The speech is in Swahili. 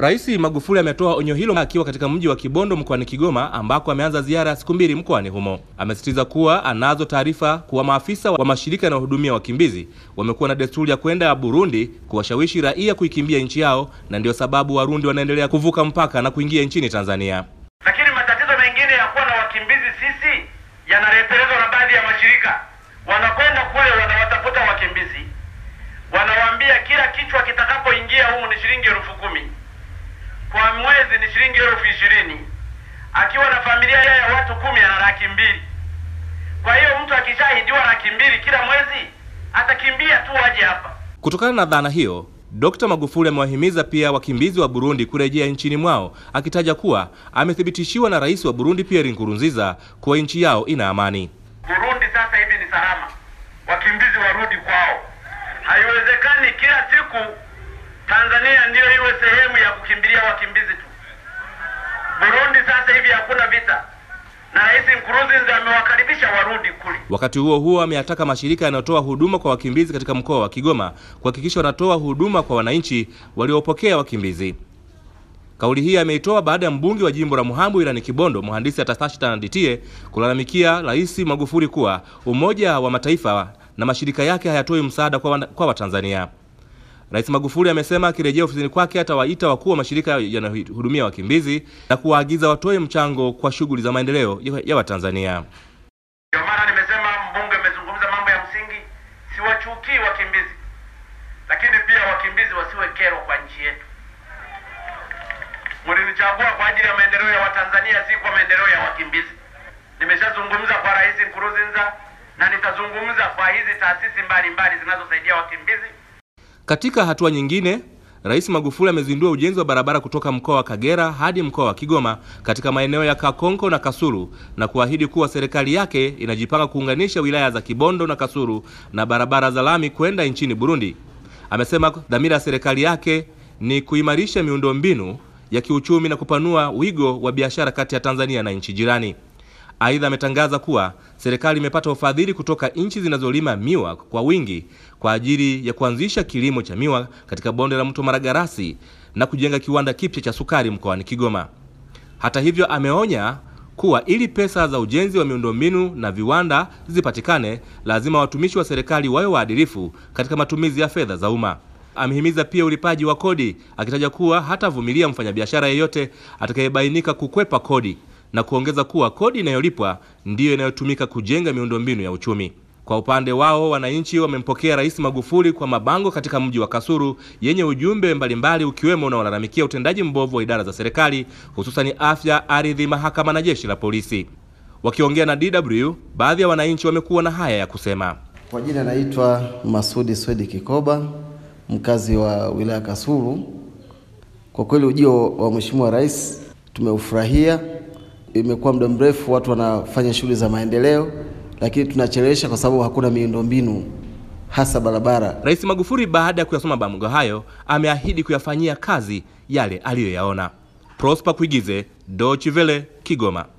Rais Magufuli ametoa onyo hilo akiwa katika mji wa Kibondo mkoani Kigoma ambako ameanza ziara ya siku mbili mkoani humo. Amesisitiza kuwa anazo taarifa kuwa maafisa wa mashirika yanayohudumia wakimbizi wamekuwa na desturi ya kwenda Burundi kuwashawishi raia kuikimbia nchi yao, na ndio sababu Warundi wanaendelea kuvuka mpaka na kuingia nchini Tanzania. Lakini matatizo mengine ya kuwa na wakimbizi sisi yanaletelezwa na baadhi ya mashirika, wanakwenda kule, wanawatafuta wakimbizi, wanawaambia kila kichwa kitakapoingia humu ni shilingi elfu kumi kwa mwezi ni shilingi elfu ishirini akiwa na familia ya watu kumi ana laki mbili. Kwa hiyo mtu akishahidiwa laki mbili kila mwezi atakimbia tu waje hapa. Kutokana na dhana hiyo, Dkt. Magufuli amewahimiza pia wakimbizi wa Burundi kurejea nchini mwao, akitaja kuwa amethibitishiwa na Rais wa Burundi Pierre Nkurunziza kuwa nchi yao ina amani. Burundi sasa hivi ni salama, wakimbizi warudi kwao. Haiwezekani kila siku Tanzania ndiyo iwe sehemu ya kukimbia hakuna vita na Rais Nkurunziza amewakaribisha warudi kule. Wakati huo huo, ameyataka mashirika yanayotoa huduma kwa wakimbizi katika mkoa wa Kigoma kuhakikisha wanatoa huduma kwa wananchi waliopokea wakimbizi. Kauli hii ameitoa baada ya mbunge wa jimbo la Muhambu irani Kibondo, mhandisi Atastashi Tanditie, kulalamikia Rais Magufuli kuwa Umoja wa Mataifa na mashirika yake hayatoi msaada kwa Watanzania. Rais Magufuli amesema akirejea ofisini kwake atawaita wakuu wa mashirika yanayohudumia wakimbizi na kuwaagiza watoe mchango kwa shughuli za maendeleo ya Watanzania. Ndio maana nimesema mbunge amezungumza mambo ya msingi. Siwachukii wakimbizi, lakini pia wakimbizi wasiwe kero kwa nchi yetu. Mlinichagua kwa ajili ya maendeleo ya Watanzania, si kwa maendeleo ya wakimbizi. Nimeshazungumza kwa Rais Nkurunziza na nitazungumza kwa hizi taasisi mbalimbali zinazosaidia wakimbizi. Katika hatua nyingine, Rais Magufuli amezindua ujenzi wa barabara kutoka mkoa wa Kagera hadi mkoa wa Kigoma katika maeneo ya Kakonko na Kasulu na kuahidi kuwa serikali yake inajipanga kuunganisha wilaya za Kibondo na Kasulu na barabara za lami kwenda nchini Burundi. Amesema dhamira ya serikali yake ni kuimarisha miundombinu ya kiuchumi na kupanua wigo wa biashara kati ya Tanzania na nchi jirani. Aidha, ametangaza kuwa serikali imepata ufadhili kutoka nchi zinazolima miwa kwa wingi kwa ajili ya kuanzisha kilimo cha miwa katika bonde la mto maragarasi na kujenga kiwanda kipya cha sukari mkoani Kigoma. Hata hivyo, ameonya kuwa ili pesa za ujenzi wa miundombinu na viwanda zipatikane, lazima watumishi wa serikali wawe waadilifu katika matumizi ya fedha za umma. Amehimiza pia ulipaji wa kodi, akitaja kuwa hatavumilia mfanyabiashara yeyote atakayebainika kukwepa kodi na kuongeza kuwa kodi inayolipwa ndiyo inayotumika kujenga miundombinu ya uchumi. Kwa upande wao, wananchi wamempokea Rais Magufuli kwa mabango katika mji wa kasuru yenye ujumbe mbalimbali ukiwemo unaolalamikia utendaji mbovu wa idara za serikali hususani afya, ardhi, mahakama na jeshi la polisi. Wakiongea na DW, baadhi ya wananchi wamekuwa na haya ya kusema. Kwa jina naitwa Masudi Swedi Kikoba, mkazi wa wilaya kasuru Kwa kweli ujio wa Mheshimiwa Rais tumeufurahia imekuwa muda mrefu watu wanafanya shughuli za maendeleo, lakini tunachelewesha kwa sababu hakuna miundombinu hasa barabara. Rais Magufuli baada ya kuyasoma bamgo hayo ameahidi kuyafanyia kazi yale aliyoyaona. Prosper Kuigize, Dochi Vele, Kigoma.